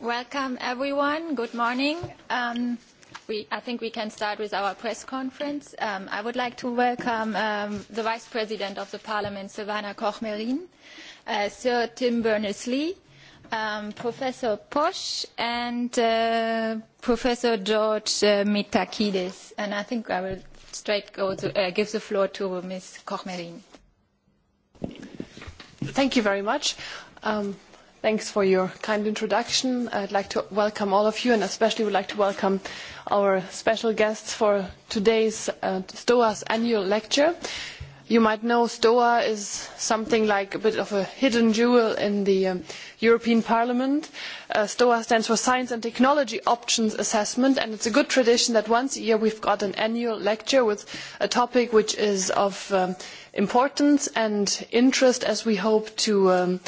Welcome, everyone. Good morning. I think we can start with our press conference. I would like to welcome the Vice President of the Parliament, Silvana Koch-Merin, Sir Tim Berners-Lee, Professor Posch, and Professor George Mitakidis. And I think I will straight go to give the floor to Ms. Koch-Merin. Thank you very much. Thanks for your kind introduction. I'd like to welcome all of you and especially would like to welcome our special guests for today's STOA's annual lecture. You might know STOA is something like a bit of a hidden jewel in the European Parliament. STOA stands for Science and Technology Options Assessment, and it's a good tradition that once a year we've got an annual lecture with a topic which is of importance and interest as we hope to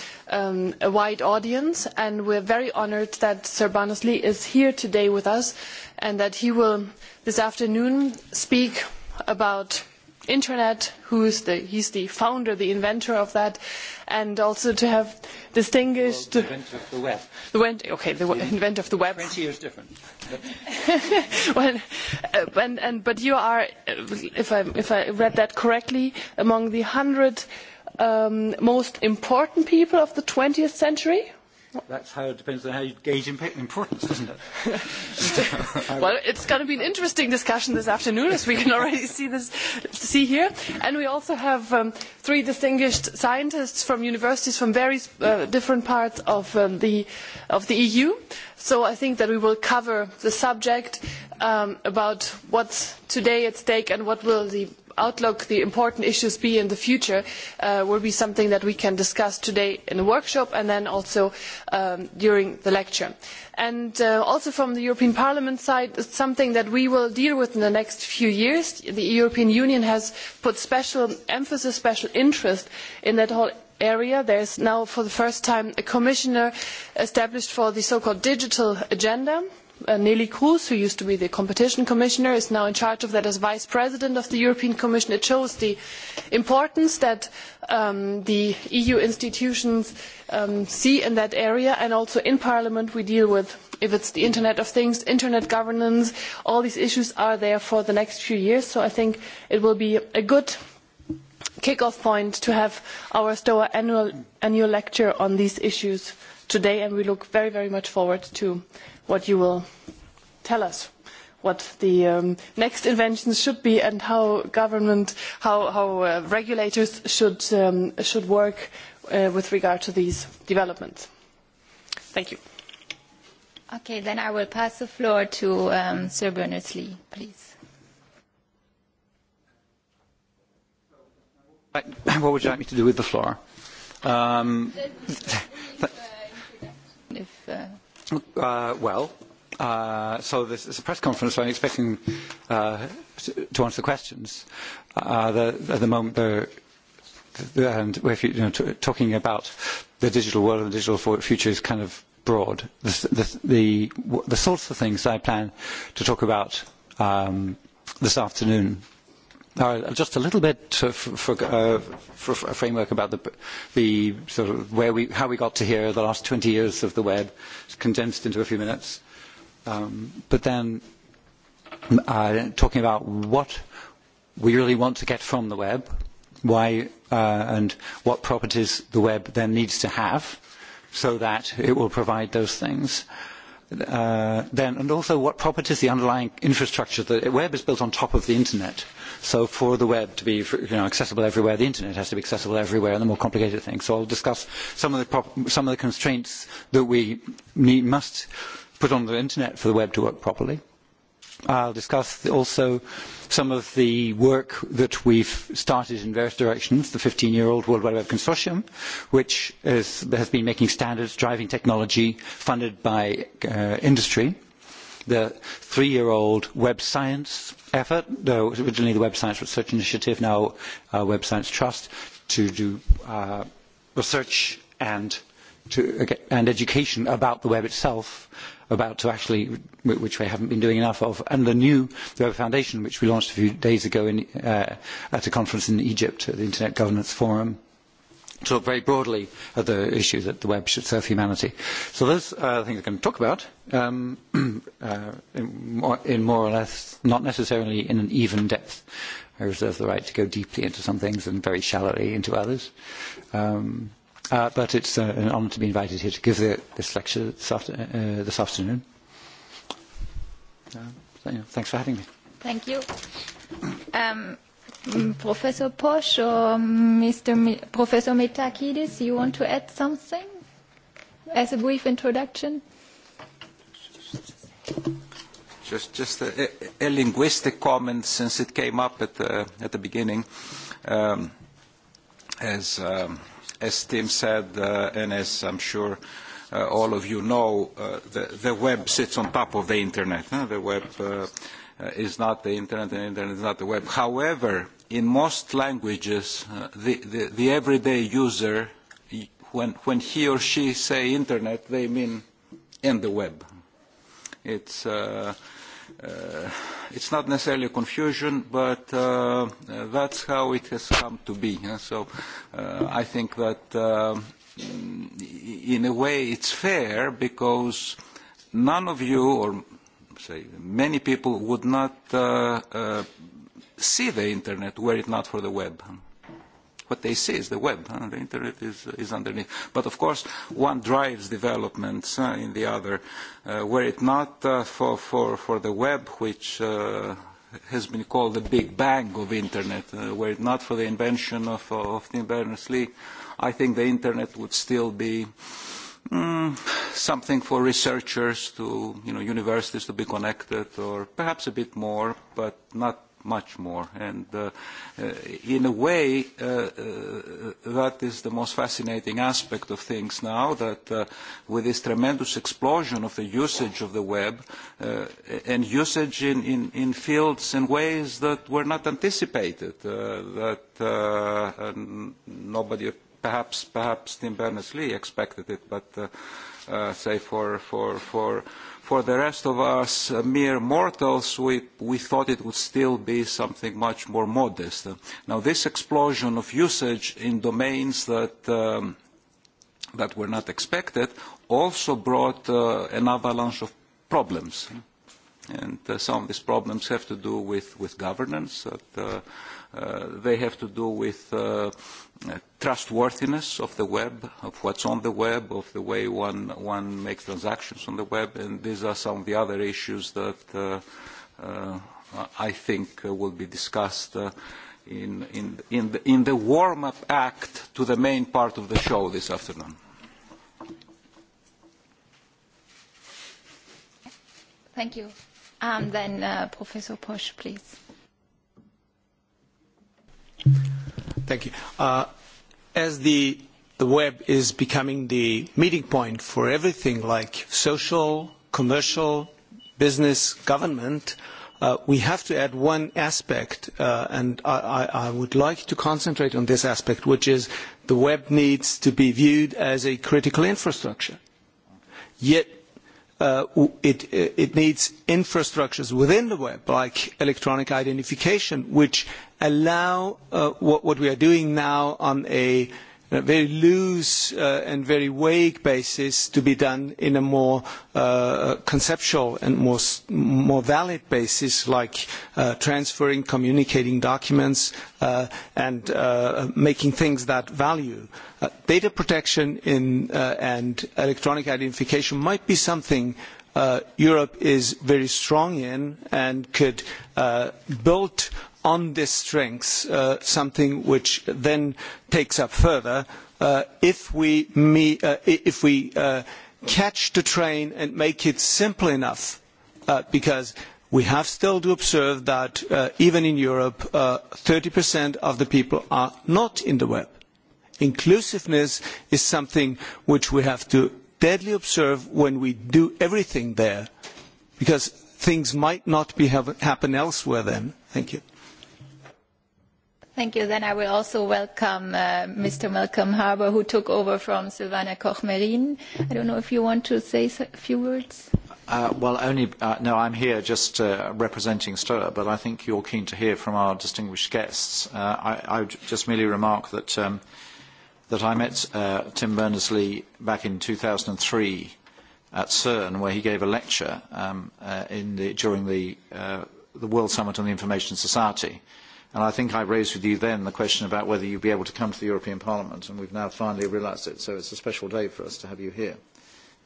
a wide audience and we are very honoured that Sir Lee is here today with us and that he will this afternoon speak about internet who is the he's the founder the inventor of that and also to have distinguished well, the inventor of the web the went, okay the inventor of the web 20 years different and, but you are if I, if I read that correctly among the 100 um, most important people of the 20th century That's how it depends on how you gauge importance, isn't it? well, it's going to be an interesting discussion this afternoon, as we can already see this, see here. And we also have um, three distinguished scientists from universities from various uh, different parts of um, the of the EU. So I think that we will cover the subject um, about what's today at stake and what will the outlook, the important issues be in the future, will be something that we can discuss today in the workshop and then also during the lecture. And also from the European Parliament side, it's something that we will deal with in the next few years. The European Union has put special emphasis, special interest in that whole area. There is now, for the first time, a commissioner established for the so-called digital agenda Neelie Kroes, who used to be the competition commissioner, is now in charge of that as vice president of the European Commission. It shows the importance that the EU institutions see in that area, and also in Parliament we deal with, if it is the Internet of Things, Internet governance, all these issues are there for the next few years. So I think it will be a good kick off point to have our STOA annual lecture on these issues today, and we look very, very much forward to what you will tell us what the um, next inventions should be and how government, how, how uh, regulators should, um, should work uh, with regard to these developments. Thank you. Okay, then I will pass the floor to um, Sir Berners-Lee, please. What would you like me to do with the floor? Um, If, uh... Uh, well, uh, so this is a press conference, so I'm expecting uh, to answer the questions. Uh, the, at the moment, the and if you, know, t- talking about the digital world and the digital future is kind of broad. The, the, the, the sorts of things I plan to talk about um, this afternoon Just a little bit for a framework about the sort of where we how we got to here, the last 20 years of the web, condensed into a few minutes. But then talking about what we really want to get from the web, why and what properties the web then needs to have so that it will provide those things then, and also what properties the underlying infrastructure. The web is built on top of the internet, So for the web to be you know, accessible everywhere, the internet has to be accessible everywhere, and the more complicated things. So I'll discuss some of the, some of the constraints that we need, must put on the internet for the web to work properly. I'll discuss also some of the work that we've started in various directions, the 15-year-old World Wide Web Consortium, which has been making standards, driving technology, funded by industry the three-year-old Web Science effort, though originally the Web Science Research Initiative, now uh, Web Science Trust, to do uh, research and to, and education about the web itself, about to actually, which we haven't been doing enough of, and the new Web Foundation, which we launched a few days ago in, uh, at a conference in Egypt, at the Internet Governance Forum talk very broadly of the issue that the web should serve humanity. So those are the things I'm going to talk about um, uh, in, more, in more or less, not necessarily in an even depth. I reserve the right to go deeply into some things and very shallowly into others. Um, uh, but it's uh, an honour to be invited here to give the, this lecture this, after, uh, this afternoon. Uh, thanks for having me. Thank you. Um, Professor Posch or Mr. Mi Professor Metakidis, you want to add something as a brief introduction? Just, just a, a linguistic comment since it came up at the, at the beginning. Um, as, um, as Tim said, uh, and as I'm sure uh, all of you know, the web sits on top of the internet. The web is not the internet, and the internet is not the web. However, in most languages, the everyday user, when he or she say internet, they mean in the web. It's uh it's not necessarily a confusion, but uh, that's how it has come to be. So uh I think that in a way it's fair because none of you or say many people would not uh, uh, see the internet were it not for the web. What they see is the web. Huh? The internet is, is underneath. But of course, one drives developments uh, in the other. Uh, were it not uh, for, for, for the web, which uh, has been called the Big Bang of internet, uh, were it not for the invention of, of Tim Berners-Lee, uh, I think the internet would still be something for researchers to, you know, universities to be connected or perhaps a bit more, but not much more. And uh, in a way, uh, uh, that is the most fascinating aspect of things now, that uh, with this tremendous explosion of the usage of the web uh, and usage in, in, in fields and ways that were not anticipated, uh, that uh, nobody perhaps perhaps Tim Berners-Lee expected it, but uh, say for for for for the rest of us mere mortals, we we thought it would still be something much more modest. Now this explosion of usage in domains that. Um, that were not expected also brought uh, an avalanche of problems. And uh, some of these problems have to do with, with governance. That, uh, they have to do with trustworthiness of the web, of what's on the web, of the way one, one makes transactions on the web, and these are some of the other issues that uh, I think will be discussed in, in, in the, in the warm-up act to the main part of the show this afternoon. Thank you. then uh, Professor Posch, please. Thank you. As the web is becoming the meeting point for everything like social, commercial, business, government, we have to add one aspect, and I would like to concentrate on this aspect, which is the web needs to be viewed as a critical infrastructure. Yet it, needs infrastructures within the web, like electronic identification, which allow what, we are doing now on a very loose and very vague basis to be done in a more conceptual and more valid basis, like transferring, communicating documents, and making things that value. Data protection and electronic identification might be something Europe is very strong in and could build on this strength something which then takes up further if we catch the train and make it simple enough because we have still to observe that even in Europe, uh, 30% of the people are not in the web. Inclusiveness is something which we have to deadly observe when we do everything there because things might not be happen elsewhere then. Thank you. Thank you. Then I will also welcome Mr. Malcolm Harbour, who took over from Silvana Koch-Merin. I don't know if you want to say a few words. well, only no, I'm here just representing STOA, but I think you're keen to hear from our distinguished guests. I, would just merely remark that I met uh, Tim Berners-Lee back in 2003 at CERN, where he gave a lecture um, uh, in the, during the uh, the World Summit on the Information Society And I think I raised with you then the question about whether you'd be able to come to the European Parliament, and we've now finally realised it. So it's a special day for us to have you here.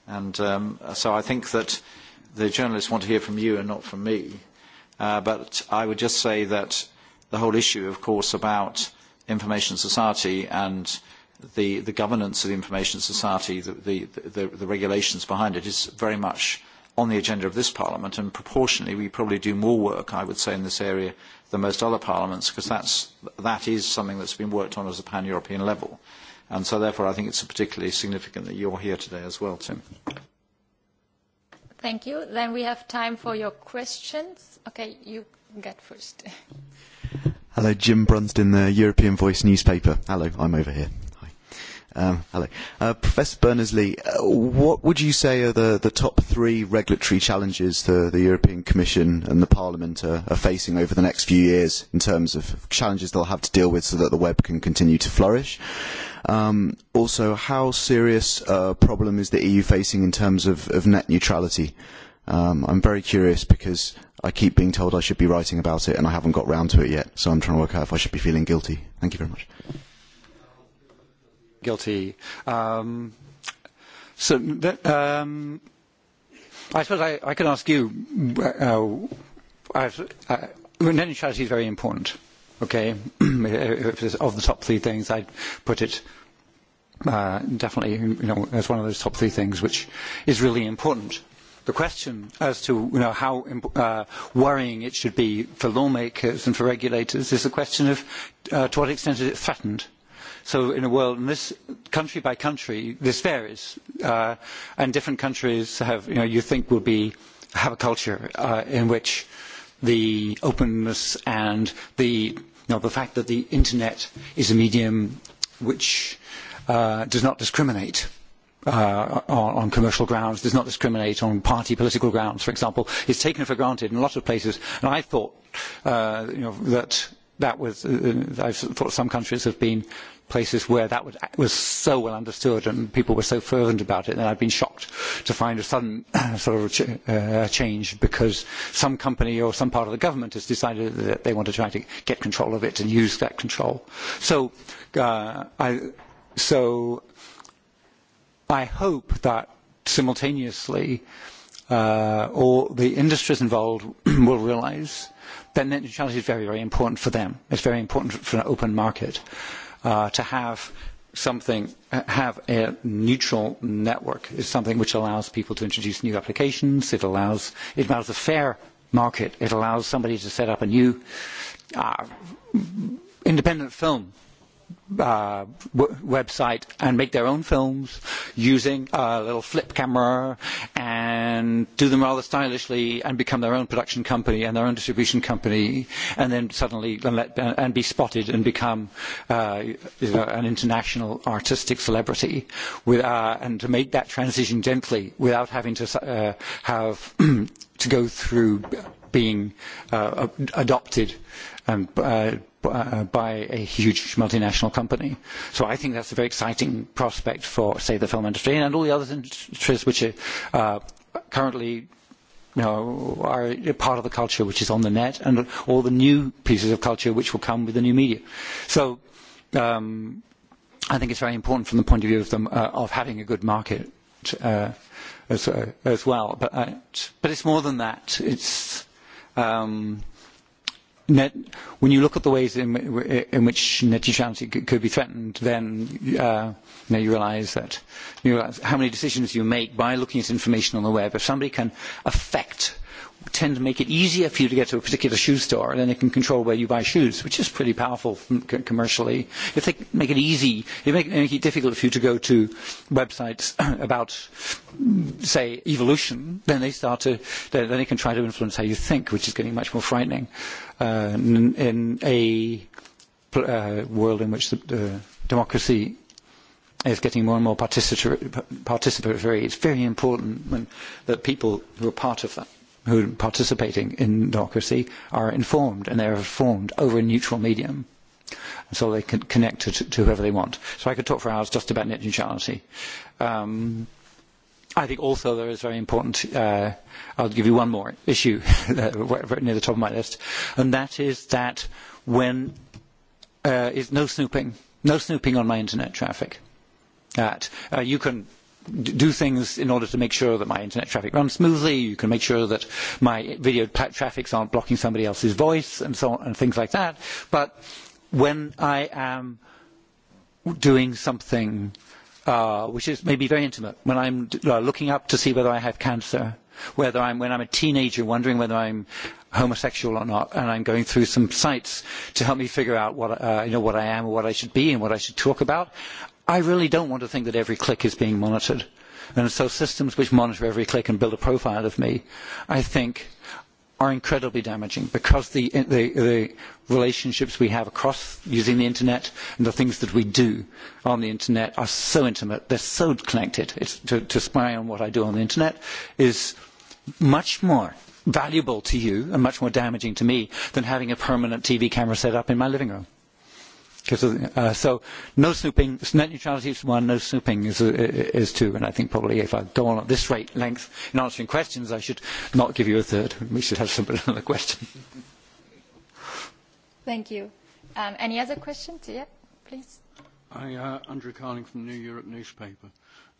And um, so I think that the journalists want to hear from you and not from me. Uh, but I would just say that the whole issue, of course, about information society and the, the governance of the information society, the, the, the, the regulations behind it, is very much on the agenda of this Parliament, and proportionally we probably do more work, I would say, in this area than most other parliaments, because that's, that is something that's been worked on at a pan-European level. And so therefore I think it's particularly significant that you're here today as well, Tim. Thank you. Then we have time for your questions. Okay, you get first. Hello, Jim Brunsden, the European Voice newspaper. Hello, I'm over here. Um, hello. Uh, Professor Berners-Lee, uh, what would you say are the, the top three regulatory challenges the, the European Commission and the Parliament are, are facing over the next few years in terms of challenges they'll have to deal with so that the web can continue to flourish? Um, also, how serious a problem is the EU facing in terms of, of net neutrality? Um, I'm very curious because I keep being told I should be writing about it and I haven't got round to it yet, so I'm trying to work out if I should be feeling guilty. Thank you very much guilty. Um, so that, um, I suppose I, I can ask you. Uh, I've, uh, net charity is very important. Okay, if it's of the top three things, I'd put it uh, definitely you know, as one of those top three things, which is really important. The question as to you know, how uh, worrying it should be for lawmakers and for regulators is the question of uh, to what extent is it threatened So in a world, and this country by country, this varies, uh, and different countries have, you know, you think will be have a culture uh, in which the openness and the, you know, the fact that the internet is a medium which uh, does not discriminate uh, on, on commercial grounds, does not discriminate on party political grounds, for example, is taken for granted in a lot of places. And I thought uh, you know, that that was, uh, I thought some countries have been places where that was, was so well understood and people were so fervent about it. And I've been shocked to find a sudden sort of ch- uh, change because some company or some part of the government has decided that they want to try to get control of it and use that control. So, uh, I, so I hope that simultaneously uh, all the industries involved will realise that net neutrality is very, very important for them. It's very important for an open market to have something have a neutral network is something which allows people to introduce new applications it allows it allows a fair market it allows somebody to set up a new independent film website and make their own films using a little flip camera and do them rather stylishly and become their own production company and their own distribution company and then suddenly and be spotted and become uh an international artistic celebrity and to make that transition gently without having to uh have to go through being uh adopted and uh by a huge multinational company. So I think that's a very exciting prospect for, say, the film industry and all the other industries which are uh currently you know, are part of the culture which is on the net and all the new pieces of culture which will come with the new media. So um, I think it's very important from the point of view of, them, uh, of having a good market uh, as, uh, as well. But, uh, but it's more than that. It's... Um, net, when you look at the ways in, in which net neutrality could be threatened, then uh, you, know, you realize that you realize how many decisions you make by looking at information on the web. If somebody can affect tend to make it easier for you to get to a particular shoe store, and then they can control where you buy shoes, which is pretty powerful c commercially. If they make it easy, they make, make it difficult for you to go to websites about, say, evolution, then they start to, then they can try to influence how you think, which is getting much more frightening uh, in, in a uh, world in which the, uh, democracy is getting more and more participatory. It's very important when, that people who are part of that who are participating in democracy are informed, and they are informed over a neutral medium. So they can connect to, to whoever they want. So I could talk for hours just about net neutrality. Um, I think also there is very important, uh, I'll give you one more issue near the top of my list, and that is that when uh, is no snooping, no snooping on my internet traffic. That uh, you can do things in order to make sure that my internet traffic runs smoothly. You can make sure that my video traffics aren't blocking somebody else's voice and so on and things like that. But when I am doing something uh, which is maybe very intimate, when I'm uh, looking up to see whether I have cancer, whether I'm when I'm a teenager wondering whether I'm homosexual or not, and I'm going through some sites to help me figure out what uh, you know what I am or what I should be and what I should talk about. I really don't want to think that every click is being monitored. And so systems which monitor every click and build a profile of me, I think are incredibly damaging because the, the, the relationships we have across using the internet and the things that we do on the internet are so intimate, they're so connected. It's, to, to spy on what I do on the internet is much more valuable to you and much more damaging to me than having a permanent TV camera set up in my living room uh, so no snooping, net neutrality is one, no snooping is, uh, is two, and I think probably if I go on at this rate length in answering questions, I should not give you a third. We should have somebody another question. Thank you. Um, any other questions? Yeah, please. I uh, Andrew Carling from the New Europe newspaper.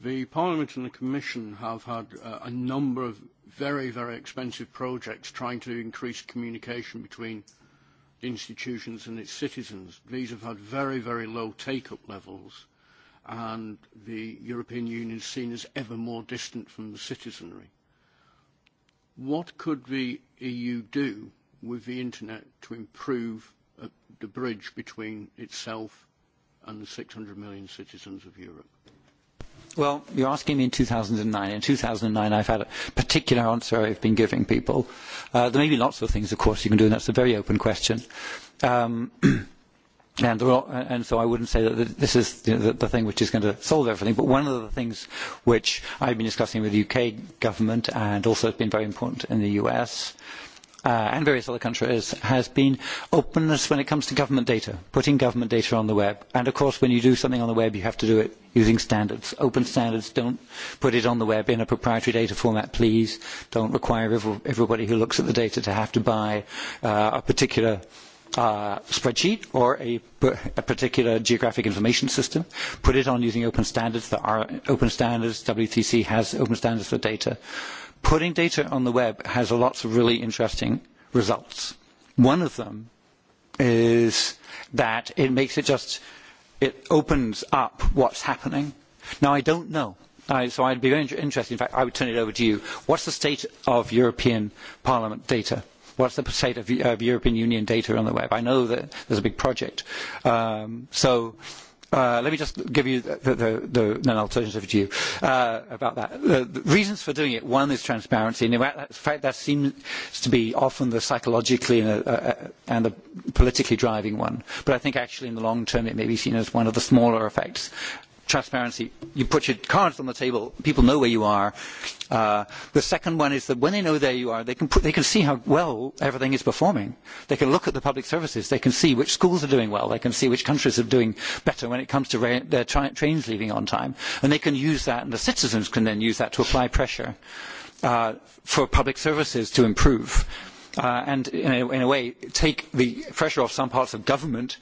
The Parliament and the Commission have had uh, a number of very, very expensive projects trying to increase communication between institutions and its citizens. These have had very, very low take-up levels, and the European Union is seen as ever more distant from the citizenry. What could the EU do with the internet to improve the bridge between itself and the 600 million citizens of Europe? Well, you're asking me in 2009. In 2009, I've had a particular answer I've been giving people. Uh, there may be lots of things, of course, you can do, and that's a very open question. Um, and, there are, and so I wouldn't say that this is you know, the, the thing which is going to solve everything. But one of the things which I've been discussing with the UK government and also has been very important in the US and various other countries has been openness when it comes to government data, putting government data on the web. And of course, when you do something on the web, you have to do it using standards. Open standards, don't put it on the web in a proprietary data format, please. Don't require everybody who looks at the data to have to buy a particular spreadsheet or a, particular geographic information system, put it on using open standards. There are open standards. WTC has open standards for data Putting data on the web has lots of really interesting results. One of them is that it makes it just, it opens up what's happening. Now, I don't know. I, so I'd be very interested. In fact, I would turn it over to you. What's the state of European Parliament data? What's the state of, of European Union data on the web? I know that there's a big project. Um, so Uh let me just give you the, the, the, an alternative view uh, about that. The, the reasons for doing it, one is transparency. And in fact, that seems to be often the psychologically and, uh, uh, and the politically driving one. But I think actually in the long term, it may be seen as one of the smaller effects transparency. You put your cards on the table, people know where you are. the second one is that when they know where you are, they can, put, they can see how well everything is performing. They can look at the public services. They can see which schools are doing well. They can see which countries are doing better when it comes to ra- their tra- trains leaving on time. And they can use that, and the citizens can then use that to apply pressure for public services to improve and in a, in a way take the pressure off some parts of government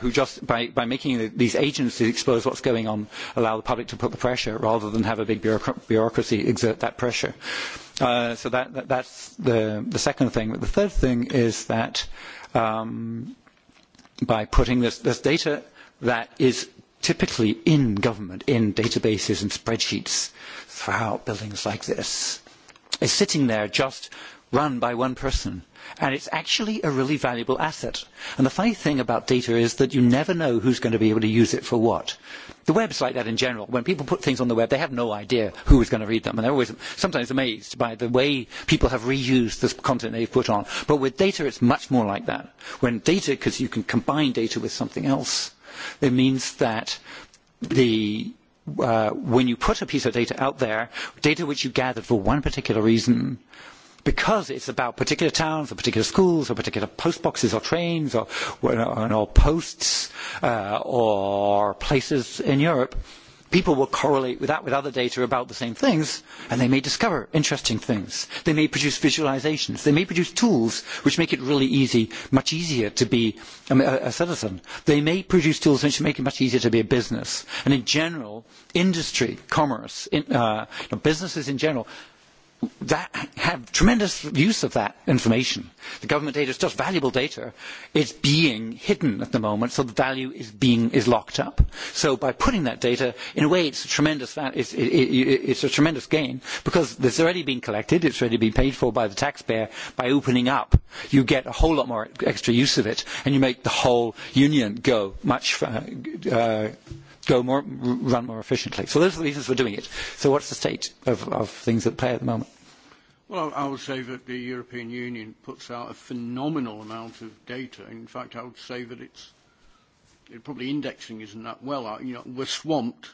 who just by, by making these agencies expose what's going on allow the public to put the pressure rather than have a big bureaucracy exert that pressure. so that, that, that's the, the second thing. But the third thing is that um, by putting this, this data that is typically in government, in databases and spreadsheets throughout buildings like this, is sitting there just run by one person. And it's actually a really valuable asset. And the funny thing about data is that you never know who's going to be able to use it for what. The web's like that in general. When people put things on the web, they have no idea who is going to read them. And they're always sometimes amazed by the way people have reused the content they've put on. But with data, it's much more like that. When data, because you can combine data with something else, it means that the uh, when you put a piece of data out there, data which you gathered for one particular reason, because it's about particular towns or particular schools or particular post boxes or trains or, or posts uh, or places in Europe, people will correlate with that with other data about the same things and they may discover interesting things. They may produce visualizations. They may produce tools which make it really easy, much easier to be a, a citizen. They may produce tools which make it much easier to be a business. And in general, industry, commerce, in, uh, businesses in general that have tremendous use of that information. The government data is just valuable data. It's being hidden at the moment, so the value is being is locked up. So by putting that data, in a way, it's a tremendous it's, it, it, it's a tremendous gain because it's already been collected, it's already been paid for by the taxpayer. By opening up, you get a whole lot more extra use of it, and you make the whole union go much. Uh, go more, run more efficiently. So those are the reasons for doing it. So what's the state of, of things at play at the moment? Well, I would say that the European Union puts out a phenomenal amount of data. In fact, I would say that it's it probably indexing isn't that well. You know, we're swamped,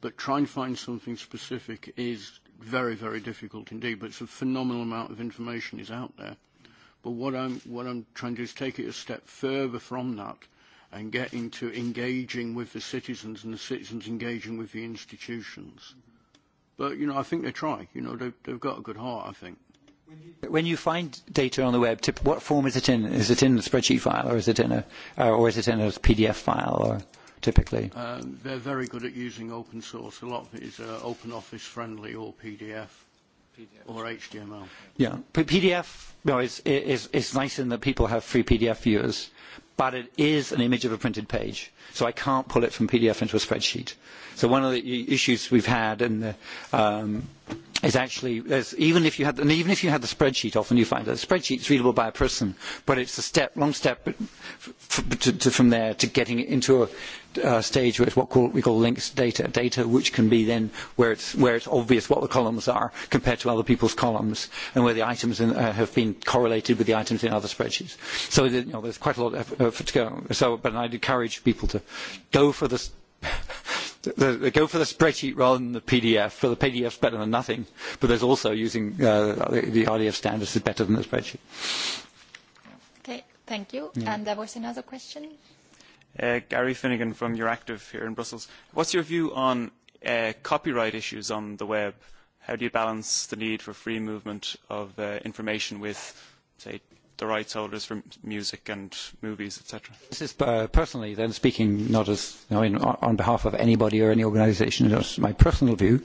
but trying to find something specific is very, very difficult indeed. But it's a phenomenal amount of information is out there. But what I'm what I'm trying to do is take it a step further from that and get into engaging with the citizens and the citizens engaging with the institutions. But, you know, I think they try. You know, they've, they've got a good heart, I think. When you find data on the web, what form is it in? Is it in a spreadsheet file, or is it in a, uh, or is it in a PDF file, or typically? Um, they're very good at using open source. A lot of it is uh, open office friendly or PDF or HTML. Yeah, PDF you know, is, is, is nice in that people have free PDF viewers, but it is an image of a printed page, so I can't pull it from PDF into a spreadsheet. So one of the issues we've had in the um, is actually even if you had and even if you had the spreadsheet often you find that the spreadsheet is readable by a person but it's a step long step to from there to getting it into a uh stage where it's what call we call links data data which can be then where it's where it's obvious what the columns are compared to other people's columns and where the items in, uh, have been correlated with the items in other spreadsheets so you know, there's quite a lot of effort to go so but I'd encourage people to go for this they go for the spreadsheet rather than the PDF. For the PDF, is better than nothing. But there's also using uh, the RDF standards is better than the spreadsheet. Okay, thank you. Yeah. And there was another question. Uh, Gary Finnegan from Euractiv here in Brussels. What's your view on uh, copyright issues on the web? How do you balance the need for free movement of uh, information with, say, the rights holders for music and movies, etc. This is uh, personally, then speaking not as you know, in, on behalf of anybody or any organisation, my personal view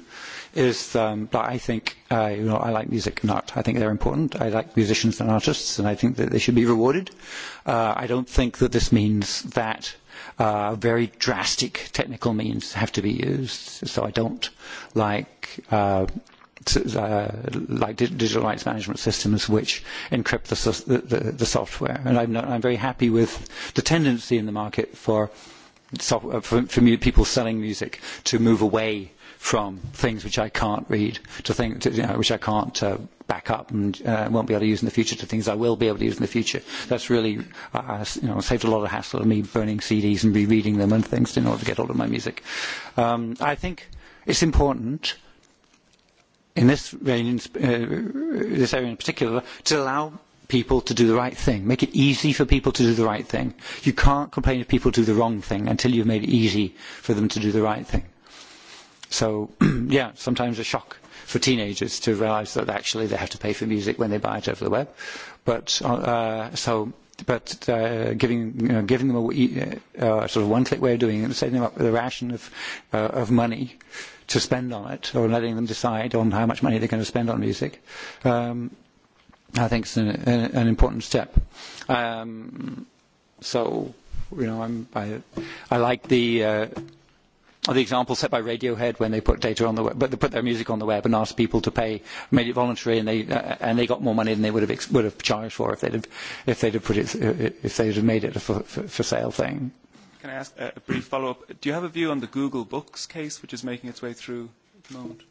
is um, that I think uh, you know I like music and art. I think they're important. I like musicians and artists, and I think that they should be rewarded. Uh, I don't think that this means that uh, very drastic technical means have to be used. So I don't like. Uh, uh, like digital rights management systems which encrypt the, the, the software. And I'm, not, I'm very happy with the tendency in the market for, software, for, for people selling music to move away from things which I can't read, to things to, you know, which I can't uh, back up and uh, won't be able to use in the future, to things I will be able to use in the future. That's really uh, you know, saved a lot of hassle of me burning CDs and rereading them and things in order to get hold of my music. Um, I think it's important in this, rain, uh, this area in particular, to allow people to do the right thing. Make it easy for people to do the right thing. You can't complain if people do the wrong thing until you've made it easy for them to do the right thing. So, yeah, sometimes a shock for teenagers to realise that actually they have to pay for music when they buy it over the web. But uh, so, but uh, giving you know, giving them a uh, sort of one-click way of doing it, setting them up with a ration of uh, of money to spend on it or letting them decide on how much money they're going to spend on music. Um, I think it's an, an, an important step. Um, so, you know, I'm, I, I like the, uh, the example set by Radiohead when they put data on the web, but they put their music on the web and asked people to pay, made it voluntary, and they uh, and they got more money than they would have ex- would have charged for if they'd have if they'd have put it if they'd have made it a for, for, for sale thing can I ask a brief follow-up? Do you have a view on the Google Books case, which is making its way through at the moment?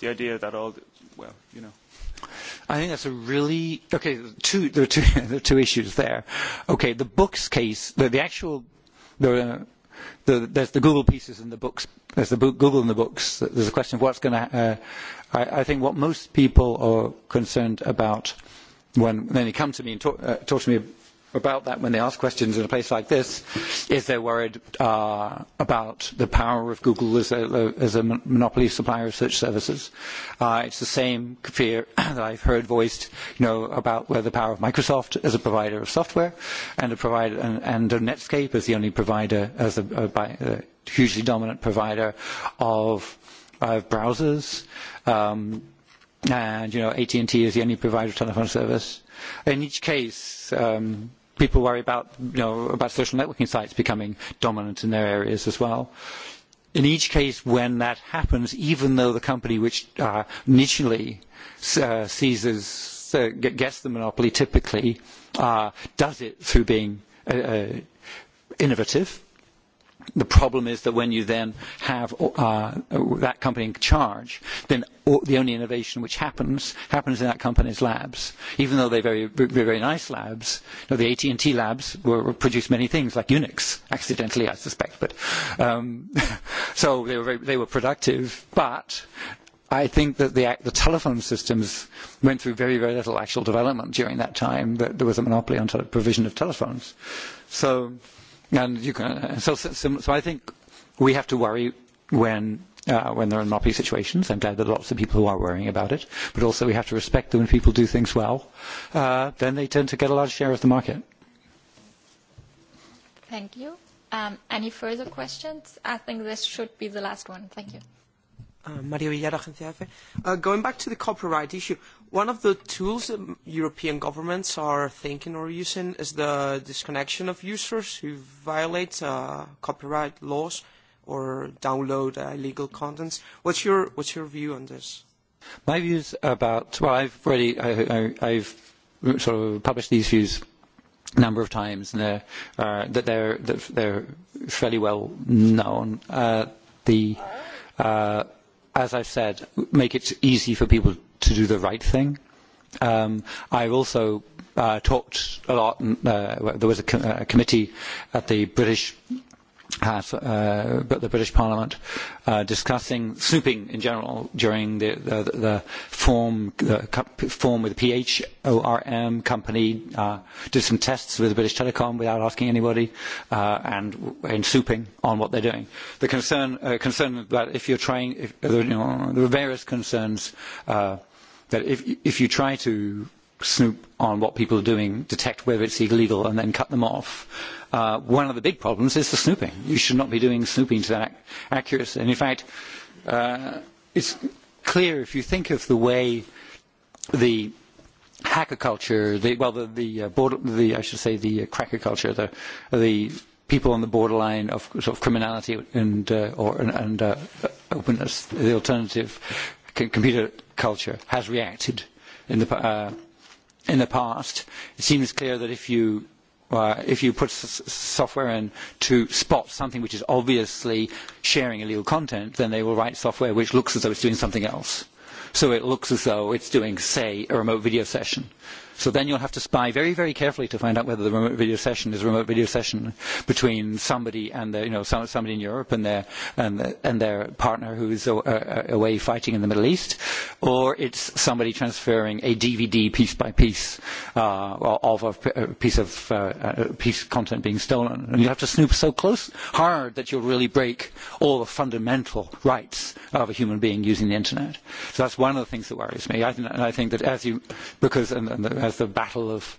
The idea that all, the, well, you know. I think that's a really okay. Two there are two there are two issues there. Okay, the books case, the, the actual, the, uh the there's the Google pieces in the books. There's the book, Google in the books. There's a question of what's going to. Uh, I, I think what most people are concerned about when when they come to me and talk, uh, talk to me about that when they ask questions in a place like this is they're worried uh, about the power of Google as a, as a monopoly supplier of search services. Uh, it's the same fear that I've heard voiced, you know, about where the power of Microsoft as a provider of software and a provider and, and of Netscape as the only provider as a, a, a hugely dominant provider of of browsers. Um, and you know, AT&T is the only provider of telephone service. In each case, um, people worry about, you know, about social networking sites becoming dominant in their areas as well. In each case, when that happens, even though the company which uh, initially uh, seizes, uh, gets the monopoly typically, uh, does it through being uh, innovative, The problem is that when you then have uh, that company in charge, then the only innovation which happens happens in that company's labs. Even though they're very, very nice labs, you know, the AT&T labs were, produced many things like Unix, accidentally, I suspect. But um, so they were very, they were productive, but I think that the, the telephone systems went through very, very little actual development during that time. That there was a monopoly on tele- provision of telephones. So And you can, so, so, so I think we have to worry when uh, when there are moppy situations. I'm glad that lots of people who are worrying about it, but also we have to respect that when people do things well, uh, then they tend to get a large share of the market. Thank you. Um, any further questions? I think this should be the last one. Thank you. Maria Villar, Agencia EFE. Uh, going back to the copyright issue, one of the tools that European governments are thinking or using is the disconnection of users who violate uh, copyright laws or download uh, illegal contents. What's your, what's your view on this? My views about, well, I've already, I, I, I've sort of published these views a number of times and they're, uh, that they're, that they're fairly well known. Uh, the, uh, as I've said, make it easy for people to do the right thing. Um, I've also uh, talked a lot. Uh, there was a, com- a committee at the British at uh, the British Parliament uh, discussing snooping in general during the, the, the form the form with the PHORM company uh, did some tests with British Telecom without asking anybody uh, and and snooping on what they're doing. The concern uh, concern that if you're trying if, you know, there are various concerns uh, that if if you try to snoop on what people are doing, detect whether it's illegal, and then cut them off. Uh, one of the big problems is the snooping. You should not be doing snooping to that accuracy. And in fact, uh, it's clear if you think of the way the hacker culture, the, well, the, the, uh, border, the I should say the uh, cracker culture, the, the people on the borderline of sort of criminality and uh, or and, uh, openness, the alternative computer culture has reacted in the uh, in the past, it seems clear that if you if you put software in to spot something which is obviously sharing illegal content, then they will write software which looks as though it's doing something else. So it looks as though it's doing, say, a remote video session So then you'll have to spy very, very carefully to find out whether the remote video session is a remote video session between somebody and the you know, some, somebody in Europe and their and, and their partner who is away fighting in the Middle East, or it's somebody transferring a DVD piece by piece uh, of a piece of uh, piece content being stolen, and you have to snoop so close hard that you'll really break all the fundamental rights of a human being using the internet. So that's one of the things that worries me. I, th- I think that as you because and, and as as the battle of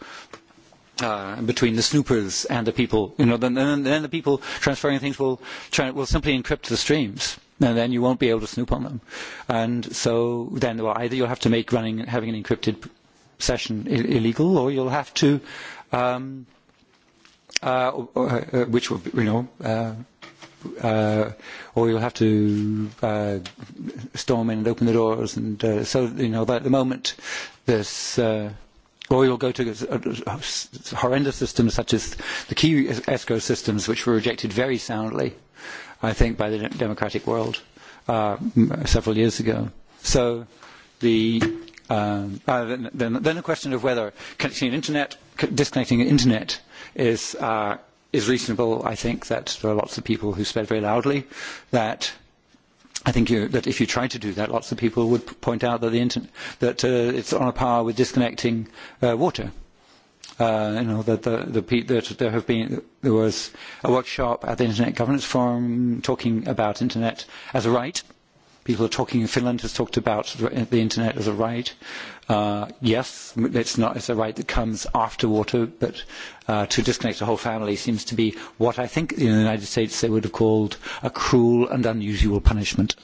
between the snoopers and the people, you know, then, then the people transferring things will, try, will simply encrypt the streams, and then you won't be able to snoop on them. And so then, well, either you'll have to make running having an encrypted session illegal, or you'll have to, um, uh, which will, you know, uh, uh, or you'll have to uh, storm in and open the doors, and uh, so you know, at the moment, this. Uh, or you'll go to horrendous systems such as the key escrow systems, which were rejected very soundly, I think, by the democratic world uh, several years ago. So the um, uh, then, then the question of whether connecting an internet, disconnecting an internet is, uh, is reasonable, I think that there are lots of people who spread very loudly that I think you, that if you try to do that, lots of people would point out that, the internet, that uh, it's on a par with disconnecting uh, water. Uh, you know that the, the, that there have been there was a workshop at the Internet Governance Forum talking about internet as a right people are talking in Finland has talked about the internet as a right. Uh, yes, it's not it's a right that comes after water, but uh, to disconnect a whole family seems to be what I think in the United States they would have called a cruel and unusual punishment.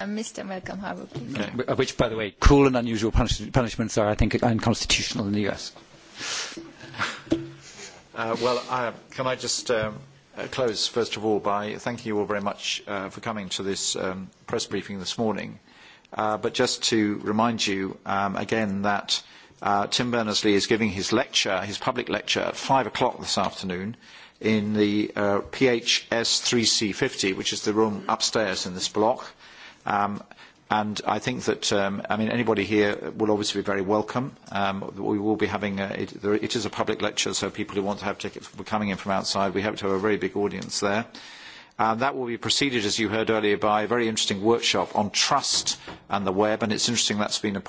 Mr. Malcolm Harbour, please. Which, by the way, cruel and unusual punishments are, I think, unconstitutional in the US. Uh, well, uh, can I just um, close, first of all, by thanking you all very much uh for coming to this um press briefing this morning. Uh But just to remind you um again that uh Tim Berners-Lee is giving his lecture, his public lecture, at five o'clock this afternoon in the PHS 3C50, which is the room upstairs in this block. And I think that, um, I mean, anybody here will obviously be very welcome. Um, we will be having, a, it, there, it is a public lecture, so people who want to have tickets will be coming in from outside. We hope to have a very big audience there. And that will be preceded, as you heard earlier, by a very interesting workshop on trust and the web. And it's interesting that's been a